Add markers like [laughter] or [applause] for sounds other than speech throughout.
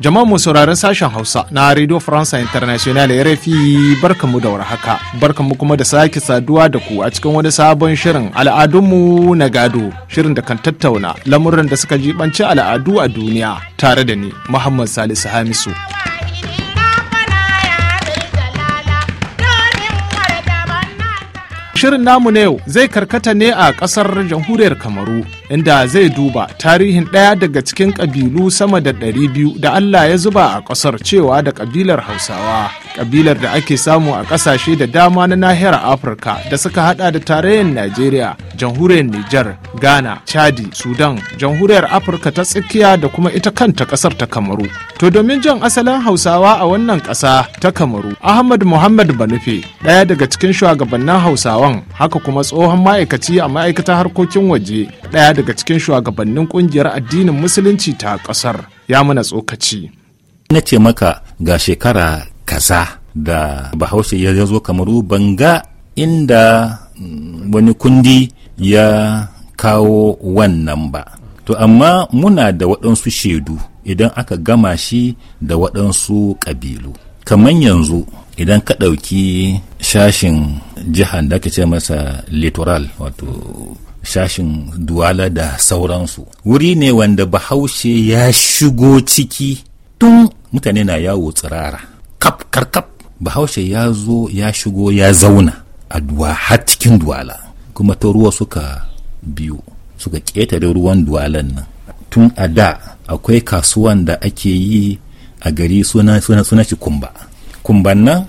Jama'a mu sauraron sashen Hausa na Radio France International RFI barkanmu da warhaka. Barkanmu kuma da sake saduwa da ku a cikin wani sabon shirin al'adunmu na gado. Shirin da kan tattauna lamuran da suka jibanci al'adu a duniya tare da ni Muhammad Salisu Hamisu. Shirin namu na yau zai karkata ne a ƙasar jamhuriyar Kamaru inda zai duba tarihin ɗaya daga cikin ƙabilu sama da 200 da Allah ya zuba a ƙasar cewa da ƙabilar Hausawa, ƙabilar da ake samu a ƙasashe da dama na nahiyar Afirka da suka hada da tarayyar Najeriya, jamhuriyar Nijar, Ghana, Chadi, Sudan, jamhuriyar Afirka ta tsakiya da kuma ita kanta ƙasar ta Kamaru. To domin jan asalin Hausawa a wannan ƙasa ta Kamaru, Ahmad Muhammad Banufe, ɗaya daga cikin shugabannin Hausawan, haka kuma tsohon ma'aikaci a ma'aikatar harkokin waje, ɗaya daga cikin shugabannin kungiyar addinin musulunci ta kasar ya mana tsokaci na ce maka ga shekara kaza da bahaushe ya zo kamaru banga inda mm, wani kundi ya kawo wannan ba to amma muna da waɗansu shaidu idan aka gama shi da waɗansu ƙabilu kamar yanzu idan ka ɗauki shashin jihar da ake ce masa littoral wato shashin duwala da sauransu wuri ne wanda bahaushe ya shigo ciki tun mutane na yawo tsirara kap karkap bahaushe ya zo ya shigo ya zauna a duwa har cikin duwala kuma ta ruwa suka biyu suka ƙetare ruwan duwalan nan tun a da akwai kasuwan da ake yi a gari suna shi kumba kumban nan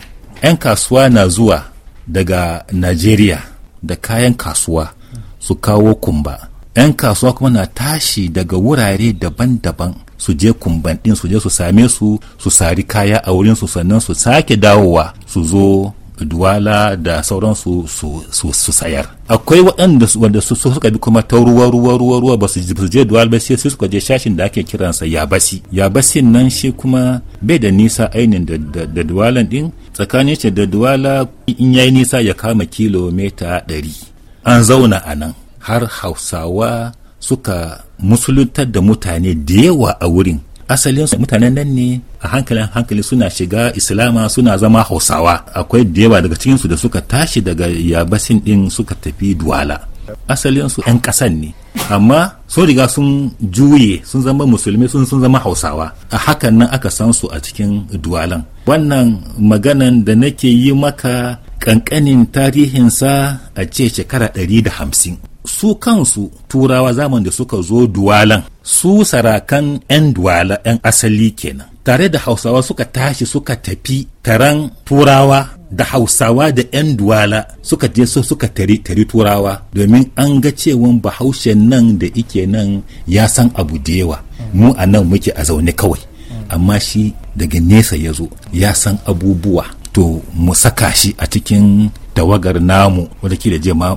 'yan kasuwa na zuwa daga najeriya da kayan kasuwa su kawo kumba 'yan kasuwa kuma na tashi daga wurare daban-daban su je kumban ɗin su je su same su su sari kaya a wurin su sannan su sake dawowa su zo duwala da sauransu su sayar akwai waɗanda wanda su suka bi kuma ta ruwa ruwa ruwa ruwa ba su je duwala ba sai suka je shashin da ake kiransa yabasi yabasin nan shi kuma bai da nisa ainihin da duwalan din tsakanin shi da duwala in yayi nisa ya kama kilomita ɗari an zauna a nan har hausawa suka musuluntar da mutane da yawa a wurin asalin mutanen nan ne a hankalin hankali suna shiga islama suna zama hausawa akwai da yawa daga cikinsu da suka tashi daga yabasin din suka tafi duwala asalinsu 'yan ƙasan ne amma sun riga sun juye sun zama musulmi sun sun zama hausawa a hakan nan aka san su a cikin duwalan wannan maganan da nake yi maka ƙanƙanin tarihinsa a ce shekara ɗari da hamsin su kansu turawa zaman da suka zo duwalan su sarakan 'yan duwala 'yan asali kenan tare da hausawa suka tashi suka tafi taron turawa da hausawa da 'yan duwala suka je so suka tari tari turawa domin an ga cewan bahaushen nan da ike nan ya san abu da yawa mu a nan muke a zaune kawai amma shi daga nesa ya zo ya san abubuwa to mu saka shi a cikin tawagar namu wanda ke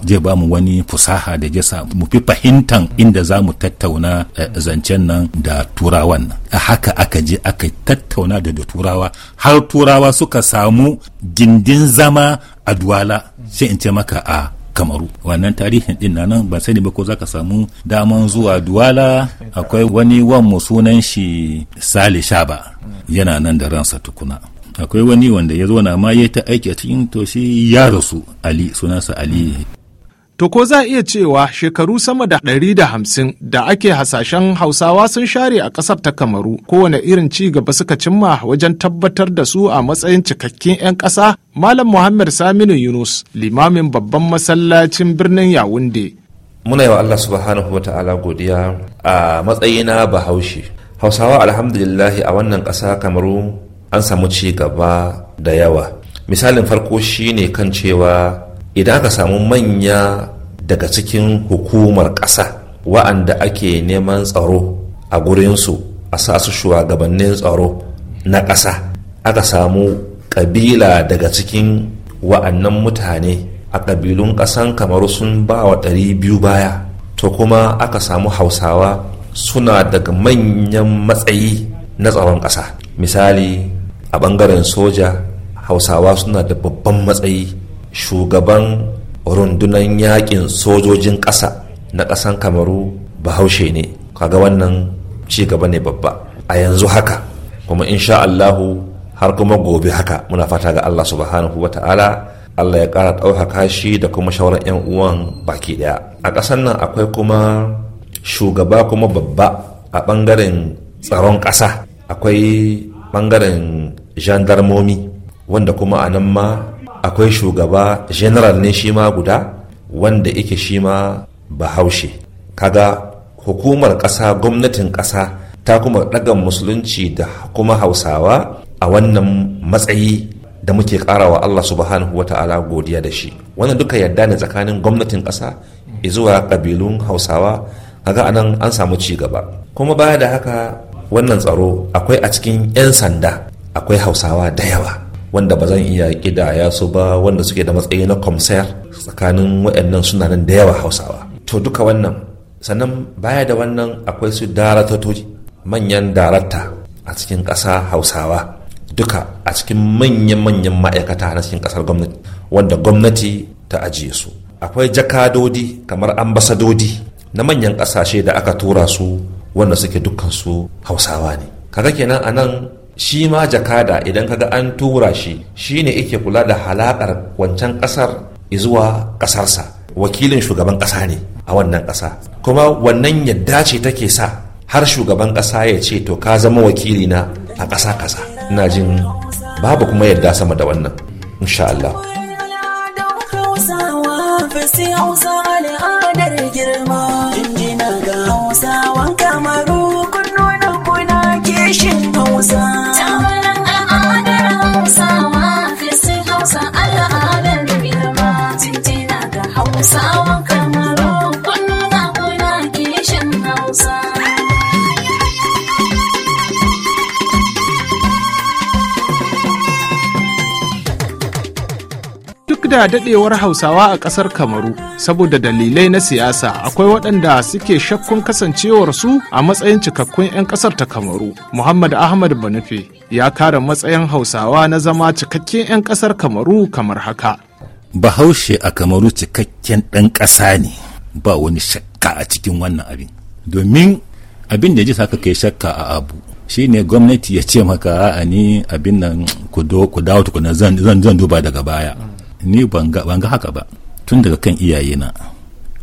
je ba mu wani fusaha da jasa mu fi fahimtan inda za mu tattauna eh, zancen nan da turawan nan a haka aka je aka tattauna da da turawa har turawa suka samu dindin zama a duwala sai in ce maka a kamaru wannan tarihin din nan ban sani ba ko zaka samu daman zuwa duwala akwai wani wan mu sunan shi sale shaba yana nan da ransa tukuna akwai wani wanda ya zo na ma ya ta aiki a cikin to shi ya rasu ali sunansa ali To ko za iya cewa shekaru sama da ɗari da hamsin da ake hasashen Hausawa sun share a ƙasar ta Kamaru kowane irin ci gaba suka cimma wajen tabbatar da su a matsayin cikakken 'yan ƙasa Malam Muhammad Saminu Yunus limamin babban masallacin birnin Yawunde. Muna yawa Allah subhanahu wa ta'ala godiya a matsayina Bahaushe. Hausawa alhamdulillahi a wannan ƙasa Kamaru an samu ci gaba da yawa misalin farko shine kan cewa idan aka samu manya daga cikin hukumar ƙasa wa'anda ake neman tsaro a gurinsu a sa su shugabannin tsaro na ƙasa aka samu ƙabila daga cikin wa'annan mutane a ƙabilun ƙasan kamar sun ba wa ɗari biyu baya to kuma aka samu hausawa suna daga manyan matsayi na tsaron ƙasa misali a bangaren soja hausawa suna da babban matsayi shugaban rundunan yakin sojojin ƙasa na ƙasan kamaru bahaushe ne kaga wannan ci gaba ne babba a yanzu haka kuma insha Allahu har kuma gobe haka muna fata ga Allah subhanahu wa ta'ala Allah ya ƙara ɗaukaka shi da kuma shawarar 'yan uwan baki ɗaya a ƙasan nan akwai kuma shugaba kuma babba a ɓangaren tsaron ƙasa akwai ɓangaren jandarmomi wanda kuma a nan ma akwai shugaba general ne shi ma guda wanda yake shi ma bahaushe kaga hukumar ƙasa gwamnatin ƙasa ta kuma ɗagan musulunci da kuma hausawa a wannan matsayi da muke ƙara wa Allah subhanahu wa ta'ala godiya da shi wannan duka yadda ne tsakanin gwamnatin ƙasa zuwa ƙabilun hausawa kaga anan an samu ci gaba kuma baya da haka wannan tsaro akwai a cikin 'yan sanda akwai hausawa da yawa wanda ba zan iya kidaya su ba wanda suke da matsayi na komsayar tsakanin waɗannan suna nan da yawa hausawa to duka wannan sannan baya da wannan akwai su daratatoji manyan darata a cikin ƙasa hausawa duka a cikin manyan-manyan ma'aikata na cikin ƙasar gwamnati wanda gwamnati ta ajiye su akwai jakadodi kamar ambasadodi na manyan ƙasashe da aka tura su wanda suke dukkansu hausawa ne kaga kenan a nan shi ma jakada idan kaga an tura shi shi ne ike kula da halakar wancan kasar zuwa kasarsa wakilin shugaban kasa ne a wannan kasa kuma wannan yadda ce take sa har shugaban kasa ya ce to ka zama wakili na a kasa kasa ina jin babu kuma yadda sama da wannan insha Allah al'adar girma, jinjina Hausawan da dadewar hausawa a kasar kamaru saboda dalilai na siyasa akwai waɗanda suke shakkun kasancewarsu a matsayin cikakkun 'yan kasar ta kamaru muhammad ahmad banufe ya kare matsayin hausawa na zama cikakken 'yan kasar kamaru kamar haka bahaushe a kamaru cikakken ɗan ƙasa ne ba wani shakka a cikin wannan abin domin abin da ji saka kai shakka a abu shine gwamnati ya ce maka a ni abin nan ku dawo tukuna zan duba daga baya ni ban ga haka ba tun daga kan iyayena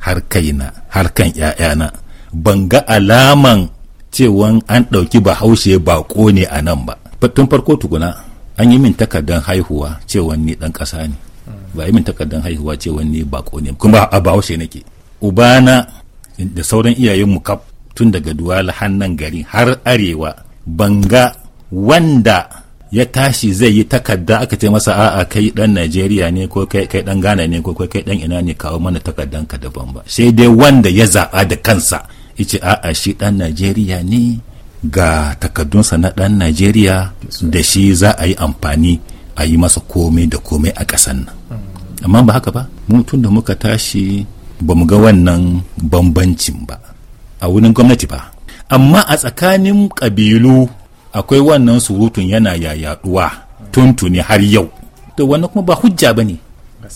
har kaina har kan ‘ya'yana ban ga alaman cewan an ɗauki bahaushe bako ne a nan ba tun farko tukuna an yi min takardar haihuwa cewan ni ɗan ƙasa ne ba yi min takardan haihuwa cewan ni bako ne kuma a bahaushe nake ubana da sauran iyayenmu kaf tun daga duwala hannan gari har arewa banga wanda ya tashi zai yi takarda aka ce masa a'a kai dan Najeriya ne ko kai kai dan Ghana ne ko kai dan ina ne kawo mana takardan ka daban ba sai dai wanda ya zaba da kansa yace a'a shi dan Najeriya ne ga takardunsa na dan Najeriya da shi za a yi amfani a yi masa komai da komai a kasan nan amma ba haka ba mu tun da muka tashi ba mu ga wannan bambancin ba a wurin gwamnati ba amma a tsakanin ƙabilu akwai wannan surutun yana yayaduwa tuntuni har yau to wannan kuma ba hujja bane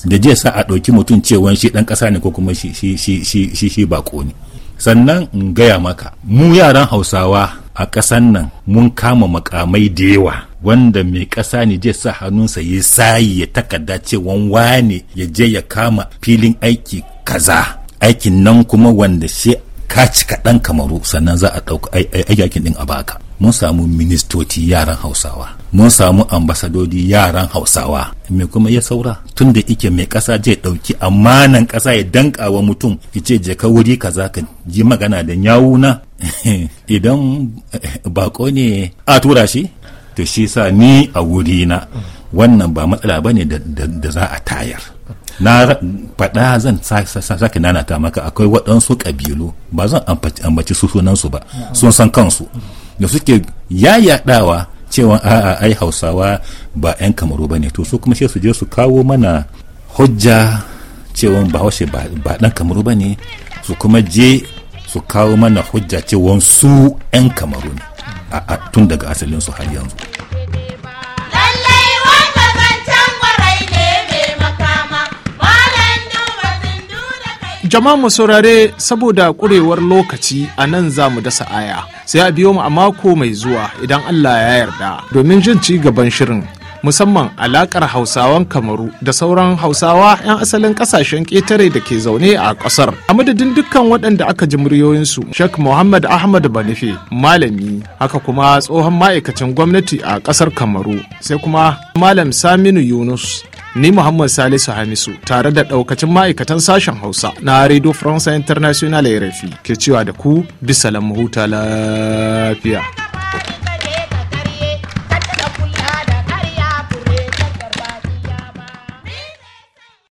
da je sa a ɗauki mutum cewa shi ɗan ƙasa ne ko kuma shi shi shi ne sannan in gaya maka mu yaran hausawa a ƙasan nan mun kama makamai da yawa wanda mai ƙasa ne zai sa hannunsa ya sayi ya takarda cewa wane ya je ya kama filin aiki kaza aikin nan kuma wanda shi ka cika ɗan kamaru sannan za a ɗauka aikin ɗin a baka mun samu ministoci yaran hausawa mun samu ambasadodi yaran hausawa me kuma ya saura tun da ike mai kasa zai dauki amanan kasa ya danka wa mutum ya ce je ka wuri kaza ka ji magana da na. [laughs] idan eh, bako ne a tura shi to shi sa ni a wuri na wannan ba matsala ba ne da za a tayar na faɗa zan sake nanata maka akwai waɗansu ƙabilu ba zan ambaci su sunansu ba sun san kansu da suke yayaɗawa cewa a'a ai hausawa ba 'yan kamaru ba ne to su kuma sai su je su kawo mana hujja cewa bahaushe ba ɗan kamaru ba ne su kuma je su kawo mana hujja cewa su 'yan kamaru ne a tun daga asalinsu har yanzu Jama'a mu saurare saboda ƙurewar lokaci a nan za mu dasa aya sai a biyo mu a mako mai zuwa idan Allah ya yarda domin jin ci gaban shirin musamman alakar hausawan kamaru da sauran hausawa 'yan asalin kasashen ketare da ke zaune a ƙasar a madadin dukkan waɗanda aka ji muryoyinsu sheikh muhammad ahmad banife malami haka kuma tsohon ma'aikacin gwamnati a ƙasar kamaru sai kuma malam saminu yunus ni Muhammad Salisu Hamisu tare da ɗaukacin ma'aikatan sashen Hausa na Radio France International RFI ke cewa da ku bisa lamuhuta huta lafiya.